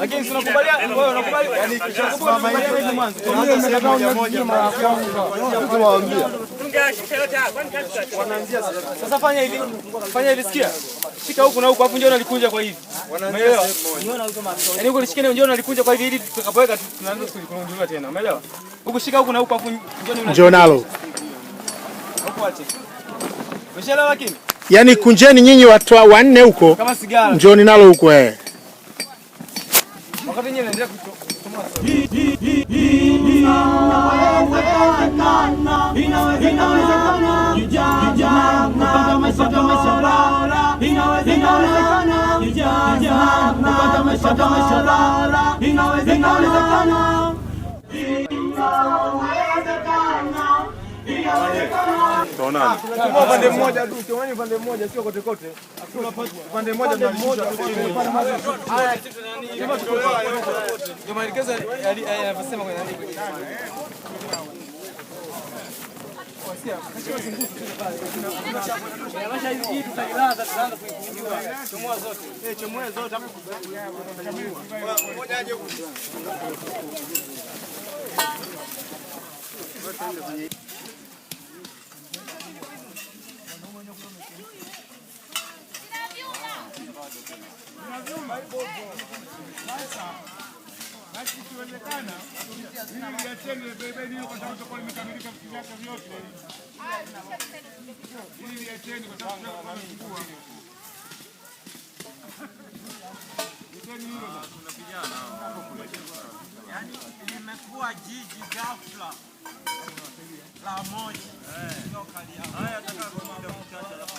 lakini tunakubaliana, wewe unakubali, yani yaani, mara ya kwanza tunawaambia sasa, fanya hivi, fanya hivi, sikia, shika huku na huku, afu njoo kwa hivi, umeelewa? Yani huko njoo kwa hivi, ili tunaanza kulikunja tena, umeelewa? Huku shika huku na huku, afu njoo nalo huko, umeshaelewa. Lakini yani kunjeni nyinyi watu wanne huko, njoni nalo huko eh Wakati nyinyi naendelea kutumia tutaonana. Chukua ah, upande mmoja tu, chukua upande mmoja sio kote kote. Upande mmoja na mmoja. Haya, kama tunaelewa Ndio maelekezo yanavyosema kwenye andiko. Chomoa zote basi ikionekana ili Yaani limekuwa jiji ghafla la moja. Haya, nataka muda mchache alafu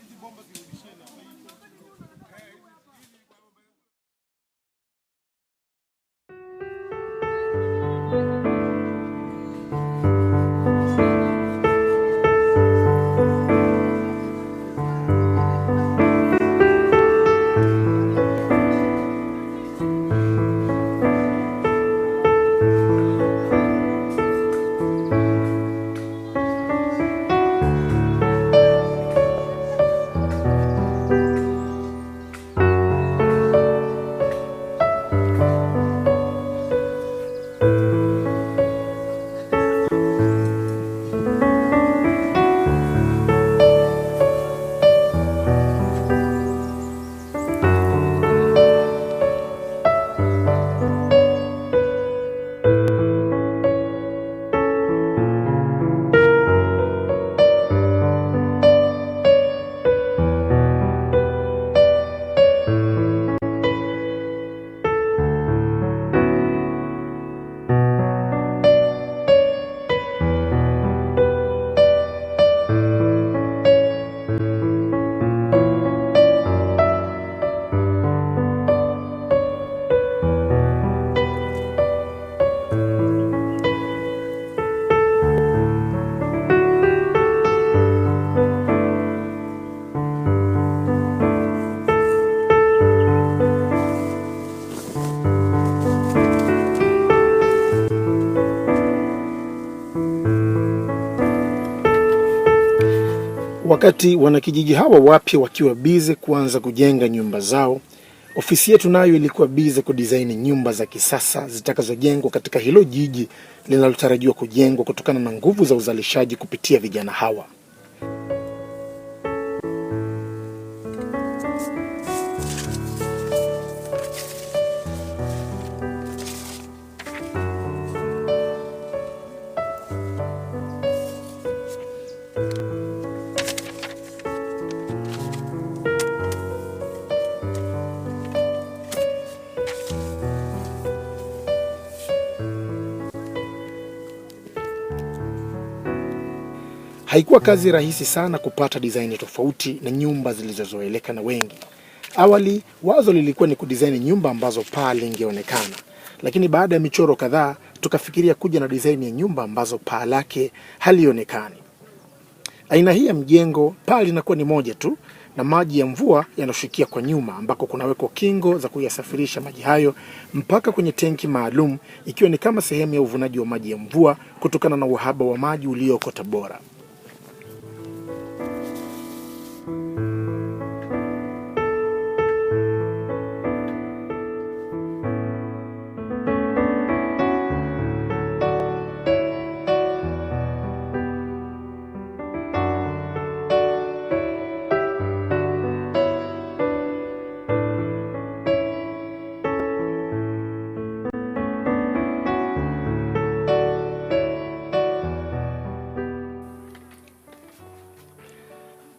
hizi bomba Wakati wanakijiji hawa wapya wakiwa bize kuanza kujenga nyumba zao, ofisi yetu nayo ilikuwa bize kudizaini nyumba za kisasa zitakazojengwa katika hilo jiji linalotarajiwa kujengwa kutokana na nguvu za uzalishaji kupitia vijana hawa. kazi rahisi sana kupata dizaini tofauti na nyumba zilizozoeleka na wengi. Awali wazo lilikuwa ni kudizaini nyumba ambazo paa lingeonekana, lakini baada ya michoro kadhaa tukafikiria kuja na dizaini ya nyumba ambazo paa lake halionekani. Aina hii ya mjengo, paa linakuwa ni moja tu na maji ya mvua yanashukia kwa nyuma, ambako kunawekwa kingo za kuyasafirisha maji hayo mpaka kwenye tenki maalum, ikiwa ni kama sehemu ya uvunaji wa maji ya mvua kutokana na uhaba wa maji ulioko Tabora.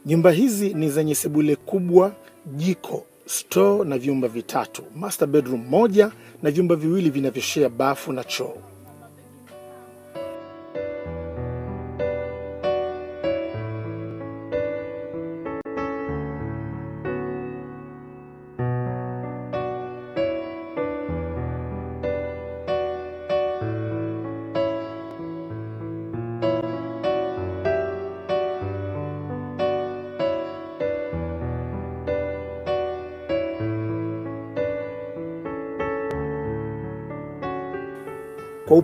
Nyumba hizi ni zenye sebule kubwa, jiko, store na vyumba vitatu, master bedroom moja na vyumba viwili vinavyoshea bafu na choo.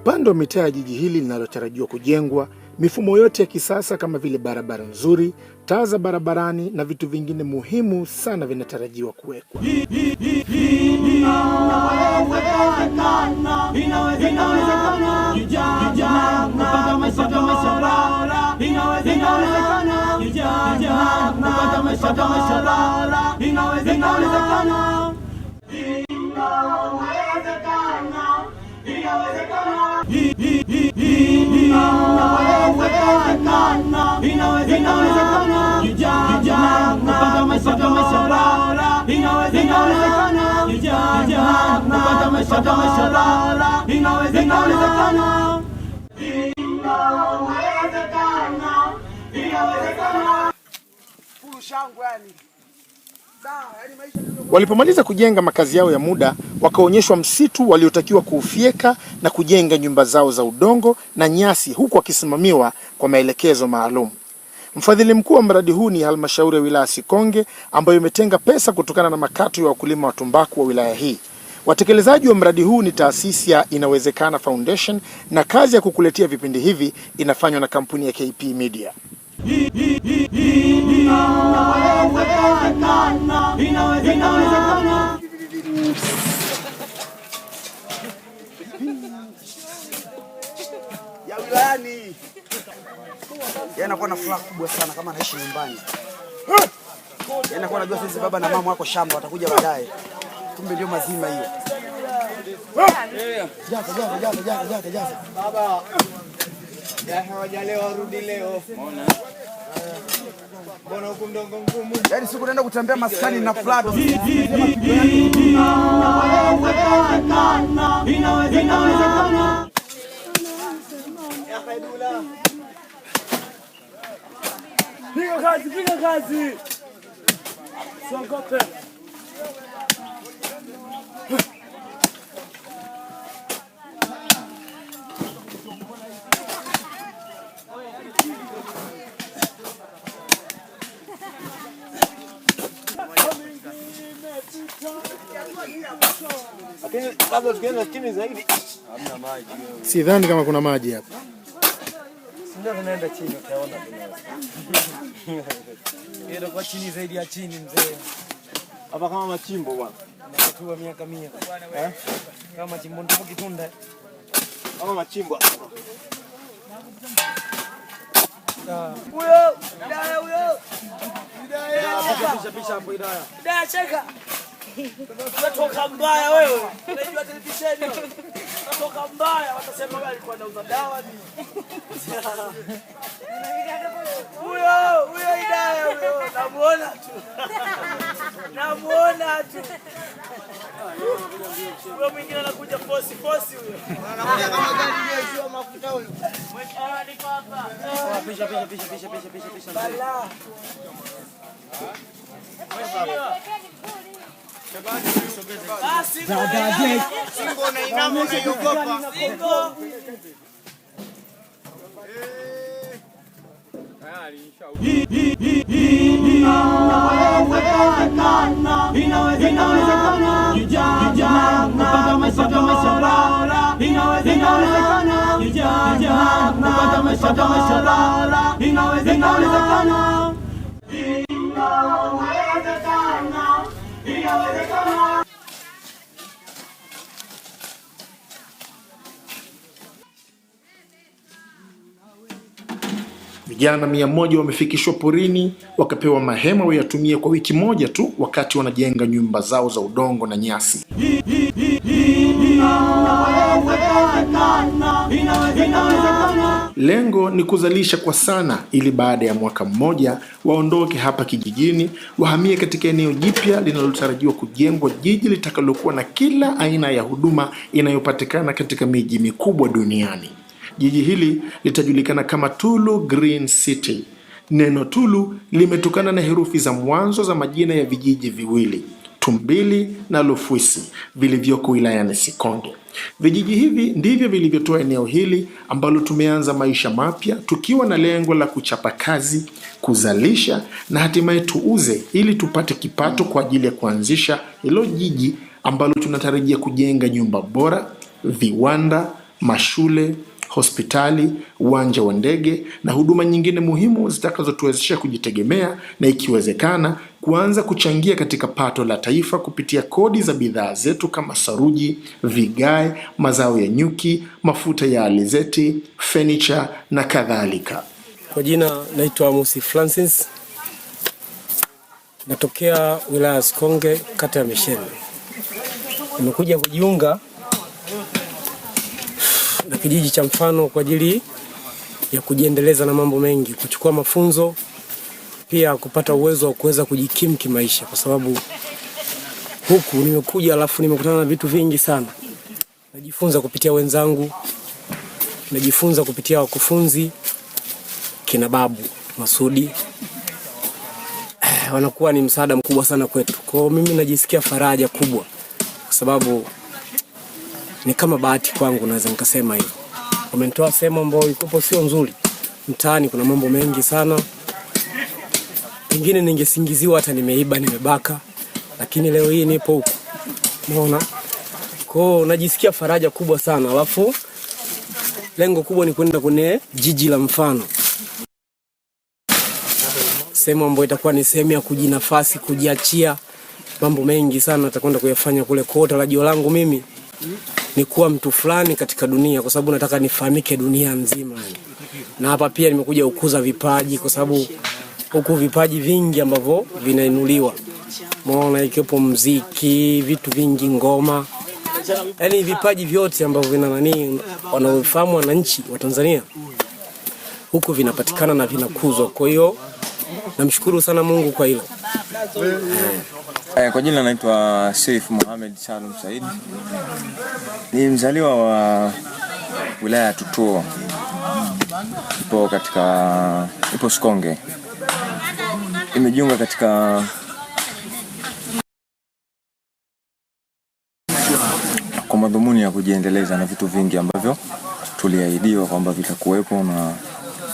upande wa mitaa ya jiji hili linalotarajiwa kujengwa, mifumo yote ya kisasa kama vile barabara nzuri, taa za barabarani na vitu vingine muhimu sana vinatarajiwa kuwekwa inawezekana, inawezekana kijana kupata maisha bora, inawezekana kijana kupata maisha bora, inawezekana inawezekana, inawezekana shangwani Walipomaliza kujenga makazi yao ya muda, wakaonyeshwa msitu waliotakiwa kuufyeka na kujenga nyumba zao za udongo na nyasi, huku wakisimamiwa kwa maelekezo maalum. Mfadhili mkuu wa mradi huu ni halmashauri ya wilaya Sikonge ambayo imetenga pesa kutokana na makato ya wakulima wa tumbaku wa wilaya hii. Watekelezaji wa mradi huu ni taasisi ya Inawezekana Foundation na kazi ya kukuletea vipindi hivi inafanywa na kampuni ya KP Media. Inawezekana, Ya wilayani yanakuwa na furaha kubwa sana kama anaishi nyumbani, yanakuwa najua sisi baba na mama wako shamba watakuja baadaye, kumbe ndio mazima hiyo. Baba hawajalewa warudi leo. Yaani siku naenda kutembea maskani na flado. Inawezekana. Piga kazi, piga kazi. Siogope. Sidhani kama kuna maji hapa. cheka. Unatoka mbaya wewe. Unajua televisheni. Unatoka mbaya watasema wewe alikuwa anauza dawa ni. Huyo, huyo idaya huyo. Namuona tu. Namuona tu. Huyo mwingine anakuja fosi fosi huyo. Anakuja kama gari hiyo mafuta huyo. Mwisho ni papa. Ah, pisha pisha pisha pisha pisha pisha pisha. Bala. Mwisho. Singo na inamo na yogopa. Singo. Inawezekana, inawezekana, jijana, kupata maisha bora. Inawezekana, jijana, kupata maisha bora. Inawezekana, inawezekana. Vijana mia moja wamefikishwa porini wakapewa mahema wayatumie kwa wiki moja tu wakati wanajenga nyumba zao za udongo na nyasi. Inawezekana. Inawezekana. Lengo ni kuzalisha kwa sana, ili baada ya mwaka mmoja waondoke hapa kijijini, wahamie katika eneo jipya linalotarajiwa kujengwa, jiji litakalokuwa na kila aina ya huduma inayopatikana katika miji mikubwa duniani. Jiji hili litajulikana kama Tulu Green City. Neno Tulu limetokana na herufi za mwanzo za majina ya vijiji viwili Tumbili na Lufwisi vilivyoko wilayani Sikonge. Vijiji hivi ndivyo vilivyotoa eneo hili ambalo tumeanza maisha mapya tukiwa na lengo la kuchapa kazi, kuzalisha na hatimaye tuuze ili tupate kipato kwa ajili ya kuanzisha hilo jiji ambalo tunatarajia kujenga nyumba bora, viwanda, mashule hospitali, uwanja wa ndege na huduma nyingine muhimu zitakazotuwezesha kujitegemea na ikiwezekana kuanza kuchangia katika pato la taifa kupitia kodi za bidhaa zetu kama saruji, vigae, mazao ya nyuki, mafuta ya alizeti, fenicha na kadhalika. Kwa jina naitwa Musi Francis, natokea wilaya ya Sikonge, kata ya Misheni. Nimekuja kujiunga na kijiji cha mfano kwa ajili ya kujiendeleza na mambo mengi, kuchukua mafunzo pia kupata uwezo wa kuweza kujikimu kimaisha, kwa sababu huku nimekuja, alafu nimekutana na vitu vingi sana. Najifunza kupitia wenzangu, najifunza kupitia wakufunzi kina Babu Masudi, wanakuwa ni msaada mkubwa sana kwetu. Kwa hiyo mimi najisikia faraja kubwa kwa sababu ni kama bahati kwangu, naweza nikasema hivyo. Wamenitoa sehemu ambayo ikopo sio nzuri, mtaani kuna mambo mengi sana, pengine ningesingiziwa hata nimeiba, nimebaka, lakini leo hii nipo huku, unaona kwao, najisikia faraja kubwa sana, alafu lengo kubwa ni kwenda kwenye jiji la mfano, sehemu ambayo itakuwa ni sehemu ya kujinafasi, kujiachia. Mambo mengi sana atakwenda kuyafanya kule, kwa tarajio langu mimi ni kuwa mtu fulani katika dunia, kwa sababu nataka nifahamike dunia nzima. Na hapa pia nimekuja kukuza vipaji, kwa sababu huku vipaji vingi ambavyo vinainuliwa, maona ikiwepo mziki, vitu vingi, ngoma, yaani vipaji vyote ambavyo vina nani, wanaofahamu wananchi wa Tanzania huku vinapatikana na vinakuzwa. Kwa hiyo namshukuru sana Mungu kwa hilo. Eh, kwa jina naitwa Seif Mohamed Salum Said. Ni mzaliwa wa wilaya ya Tutuo. Ipo katika ipo Sikonge. Imejiunga katika kwa madhumuni ya kujiendeleza na vitu vingi ambavyo tuliahidiwa kwamba vitakuwepo na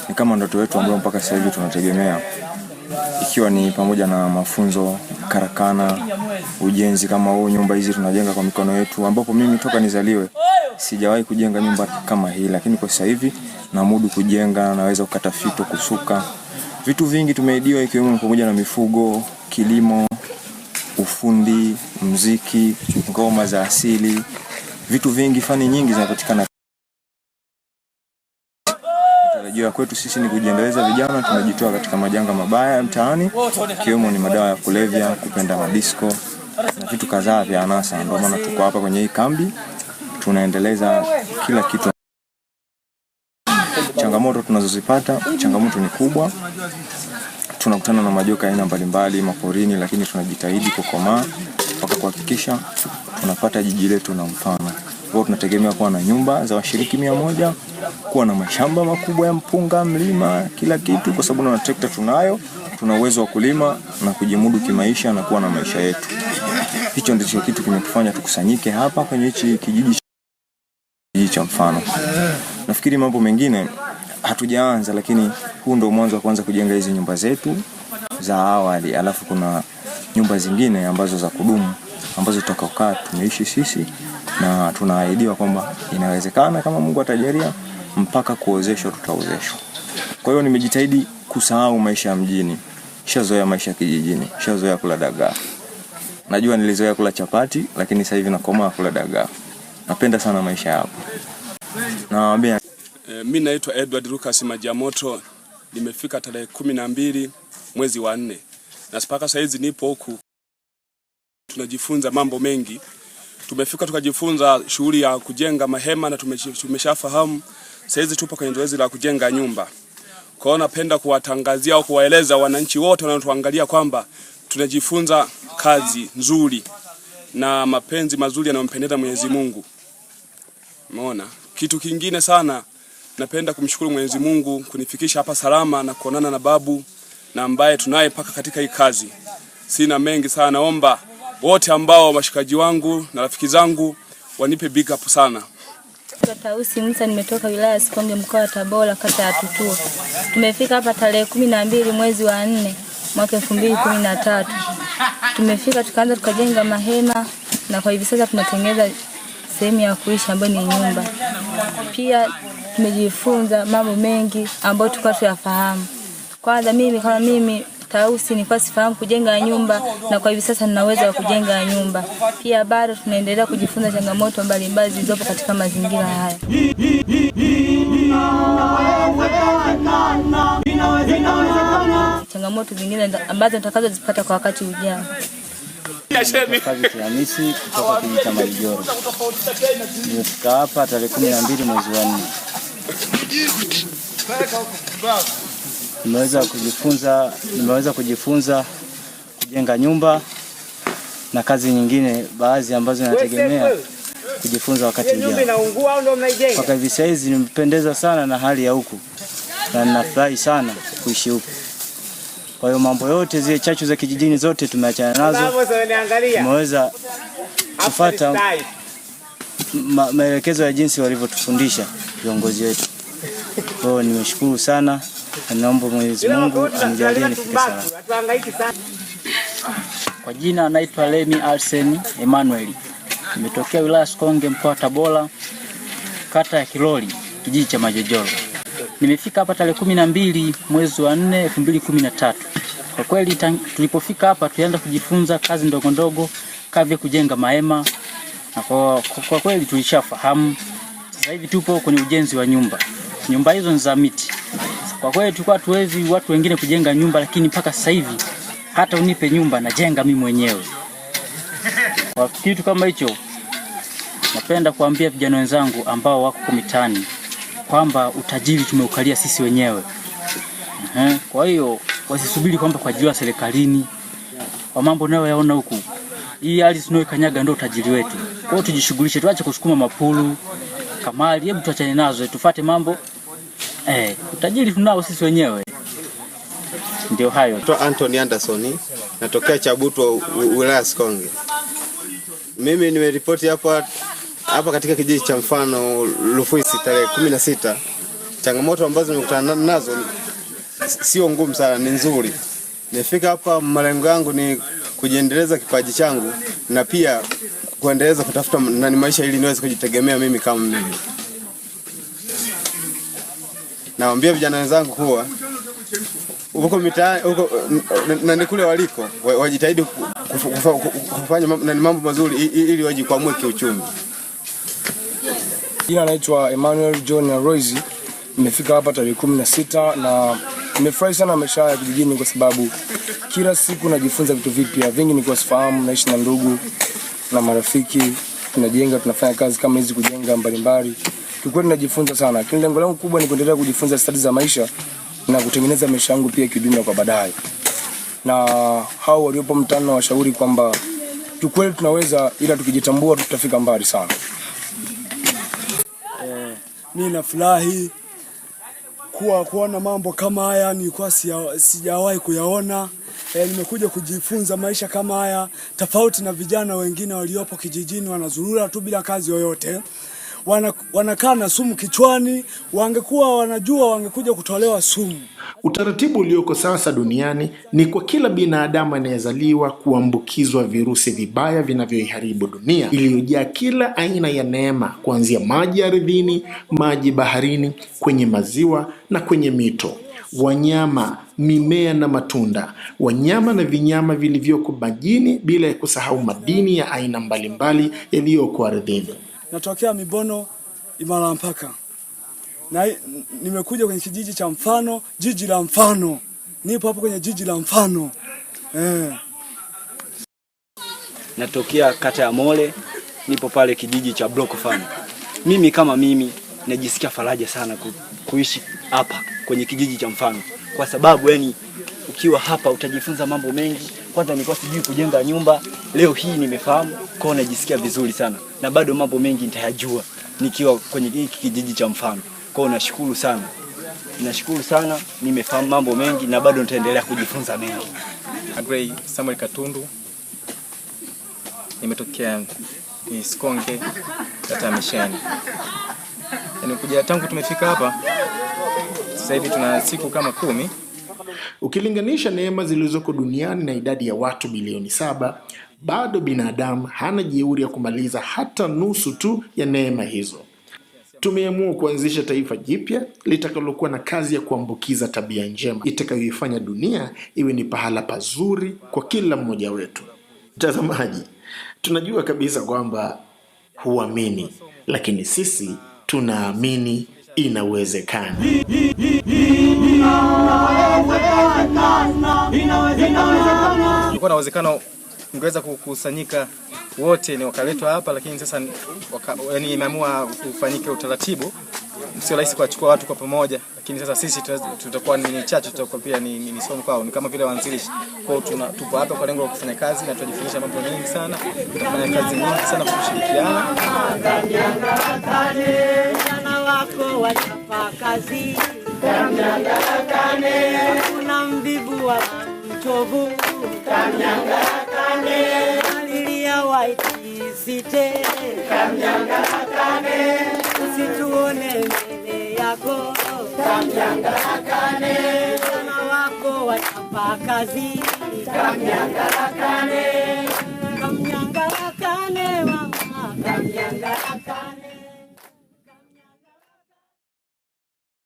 ni kama ndoto yetu ambayo mpaka sasa hivi tunategemea ikiwa ni pamoja na mafunzo, karakana, ujenzi kama huu, nyumba hizi tunajenga kwa mikono yetu, ambapo mimi toka nizaliwe sijawahi kujenga nyumba kama hii, lakini kwa sasa hivi mudu kujenga, naweza kukata fito, kusuka vitu vingi tumeidiwa, ikiwemo pamoja na mifugo, kilimo, ufundi, mziki, ngoma za asili, vitu vingi, fani nyingi zinapatikana Ajira kwetu sisi ni kujiendeleza vijana, tunajitoa katika majanga mabaya ya mtaani, ikiwemo ni madawa ya kulevya, kupenda madisko na vitu kadhaa vya anasa. Ndio maana tuko hapa kwenye hii kambi, tunaendeleza kila kitu. Changamoto tunazozipata, changamoto ni kubwa, tunakutana na majoka aina mbalimbali maporini, lakini tunajitahidi kukomaa mpaka kuhakikisha tunapata jiji letu na mfano. Kwa tunategemea kuwa na nyumba za washiriki mia moja kuwa na mashamba makubwa ya mpunga, mlima, kila kitu, kwa sababu na trekta tunayo, tuna uwezo wa kulima na kujimudu kimaisha na kuwa na maisha yetu. Hicho ndicho kitu kimetufanya tukusanyike hapa kwenye hichi kijiji cha mfano. Nafikiri mambo mengine hatujaanza, lakini huu ndio mwanzo wa kuanza kujenga hizi nyumba zetu za awali, alafu kuna nyumba zingine ambazo za kudumu ambazo tutakaokaa tumeishi sisi, na tunaahidiwa kwamba inawezekana kama Mungu atajalia mpaka kuwezeshwa tutawezeshwa. Kwa hiyo nimejitahidi kusahau maisha ya mjini, shazoea maisha ya kijijini, shazoea kula dagaa. Najua nilizoea kula chapati, lakini sasa hivi nakomaa kula dagaa. Napenda sana maisha hapo. Nawaambia e, eh, mimi naitwa Edward Lucas Majamoto, nimefika tarehe kumi na mbili mwezi wa nne na mpaka sasa hizi nipo huku, tunajifunza mambo mengi. Tumefika tukajifunza shughuli ya kujenga mahema na tumeshafahamu Saizi tupo kwenye zoezi la kujenga nyumba. Kwa hiyo napenda kuwatangazia au kuwaeleza wananchi wote wanaotuangalia kwamba tunajifunza kazi nzuri na mapenzi mazuri yanayompendeza Mwenyezi Mungu. Umeona? Kitu kingine sana napenda kumshukuru Mwenyezi Mungu kunifikisha hapa salama na kuonana na babu na ambaye tunaye paka katika hii kazi. Sina mengi sana, naomba wote ambao mashikaji wangu na rafiki zangu wanipe big up sana. Naitwa Tausi Musa, nimetoka wilaya ya Sikonge, mkoa wa Tabora, kata ya Tutuo. Tumefika hapa tarehe kumi na mbili mwezi wa nne mwaka elfu mbili kumi na tatu. Tumefika tukaanza tukajenga mahema, na kwa hivi sasa tunatengeneza sehemu ya kuishi ambayo ni nyumba. Pia tumejifunza mambo mengi ambayo tulikuwa tuyafahamu. Kwanza mimi kama mimi tausi, nilikuwa sifahamu kujenga nyumba na kwa hivi sasa nina uwezo wa kujenga nyumba. Pia bado tunaendelea kujifunza changamoto mbalimbali zilizopo katika mazingira haya. Changamoto zingine ambazo nitakazozipata kwa wakati ujao. Hamisi kutoka kijiji cha Maijoro. Nimefika hapa tarehe kumi na mbili mwezi wa nne. Nimeweza kujifunza, nimeweza kujifunza kujenga nyumba na kazi nyingine baadhi ambazo nategemea kujifunza wakati ujao. Mpaka hivi saizi nimependeza sana na hali ya huku na ninafurahi sana kuishi huku. Kwa hiyo mambo yote zile chachu za kijijini zote tumeachana nazo, tumeweza kufuata maelekezo ya jinsi walivyotufundisha viongozi wetu. Kwa hiyo nimeshukuru sana. Naomba Mwenyezi Mungu anijalie nifike salama. Kwa jina anaitwa Lemi Arseni Emmanuel. Nimetokea wilaya Sikonge mkoa wa Tabora kata ya Kiloli kijiji cha Majojoro. Nimefika hapa tarehe kumi na mbili mwezi wa nne elfu mbili kumi na tatu. Kwa kweli tulipofika hapa tulianza kujifunza kazi ndogo ndogo kavya kujenga mahema na kwa, kwa kweli tulishafahamu. Sasa hivi tupo kwenye ujenzi wa nyumba nyumba hizo ni za miti. Kwa kweli tulikuwa tuwezi watu wengine kujenga nyumba, lakini mpaka sasa hivi hata unipe nyumba najenga mimi mwenyewe. Kwa kitu kama hicho, napenda kuambia vijana wenzangu ambao wako mitaani kwamba utajiri tumeukalia sisi wenyewe. Kwa hiyo wasisubiri kwamba kwa jua serikalini kwa mambo nayo yaona huku. Hii hali tunayoikanyaga ndio utajiri wetu. Kwa hiyo tujishughulishe, tuache kusukuma mapulu kamali, hebu tuachane nazo, tufate mambo Eh, utajiri tunao sisi wenyewe. Ndio hayo. Toa Anthony Anderson, natokea chabutwa wilaya Sikonge. Mimi nimeripoti hapa hapa katika kijiji cha mfano Lufuisi tarehe 16. Changamoto ambazo nimekutana nazo sio ngumu sana, ni nzuri. Nimefika hapa, malengo yangu ni kujiendeleza kipaji changu na pia kuendeleza kutafuta nani maisha ili niweze kujitegemea mimi kama mimi naambia vijana wenzangu kuwa huko mitaani huko na kule waliko wajitahidi kufanya mambo mazuri ili wajikwamue kiuchumi. Jina naitwa Emmanuel John na Nimefika hapa tarehe kumi na sita na nimefurahi sana maisha ya kijijini kwa sababu kila siku najifunza vitu vipya vingi, nilikuwa sifahamu. Naishi na ndugu na marafiki, tunajenga tunafanya kazi kama hizi kujenga mbalimbali kikweli najifunza sana, lakini lengo langu kubwa ni kuendelea kujifunza stadi za maisha na kutengeneza maisha yangu pia kidunia kwa baadaye. Na hao waliopo mtaani na washauri kwamba kikweli tunaweza, ila tukijitambua tutafika mbali sana. Eh, mimi nafurahi kuwa kuona mambo kama haya nilikuwa sijawahi kuyaona. E, nimekuja kujifunza maisha kama haya tofauti na vijana wengine waliopo kijijini wanazurura tu bila kazi yoyote wanakaa na sumu kichwani. Wangekuwa wanajua wangekuja kutolewa sumu. Utaratibu ulioko sasa duniani ni kwa kila binadamu anayezaliwa kuambukizwa virusi vibaya vinavyoiharibu dunia iliyojaa kila aina ya neema, kuanzia maji ardhini, maji baharini, kwenye maziwa na kwenye mito, wanyama, mimea na matunda, wanyama na vinyama vilivyoko majini, bila ya kusahau madini ya aina mbalimbali yaliyoko ardhini natokea Mibono Imara mpaka na nimekuja kwenye kijiji cha mfano, jiji la mfano. Nipo hapo kwenye jiji la mfano eh. Natokea kata ya Mole, nipo pale kijiji cha Block Farm. Mimi kama mimi najisikia faraja sana ku, kuishi hapa kwenye kijiji cha mfano, kwa sababu yani ukiwa hapa utajifunza mambo mengi kwanza nilikuwa sijui kujenga nyumba, leo hii nimefahamu, kwao, najisikia vizuri sana, na bado mambo mengi nitayajua nikiwa kwenye hiki kijiji cha Mfano. kwao. nashukuru sana, nashukuru sana, nimefahamu mambo mengi na bado nitaendelea kujifunza mengi. Agrey Samuel Katundu, nimetokea Sikonge kata Mishani. Nimekuja tangu tumefika hapa sasa hivi tuna siku kama kumi Ukilinganisha neema zilizoko duniani na idadi ya watu bilioni saba, bado binadamu hana jeuri ya kumaliza hata nusu tu ya neema hizo. Tumeamua kuanzisha taifa jipya litakalokuwa na kazi ya kuambukiza tabia njema itakayoifanya dunia iwe ni pahala pazuri kwa kila mmoja wetu. Mtazamaji, tunajua kabisa kwamba huamini, lakini sisi tunaamini inawezekana. Kulikuwa na uwezekano mngeweza kukusanyika wote ni wakaletwa hapa, lakini sasa yaani imeamua kufanyike utaratibu, sio rahisi kuwachukua watu kwa pamoja, lakini sasa sisi tutakuwa ni chache, tutakuwa pia ni, ni, ni somo kwao, ni kama vile waanzilishi kwao. Tupo hapa kwa lengo la kufanya kazi na tunajifunza mambo mengi sana, tutafanya kazi nyingi sana kwa kushirikiana wako wachapa kazi Mwana mvivu wa mchovu kamnyanga kane alilia waitisite kamnyanga kane usituone mbele yako kamnyanga kane mama wako wachapa kazi kamnyanga kane kamnyanga kane mama kamnyanga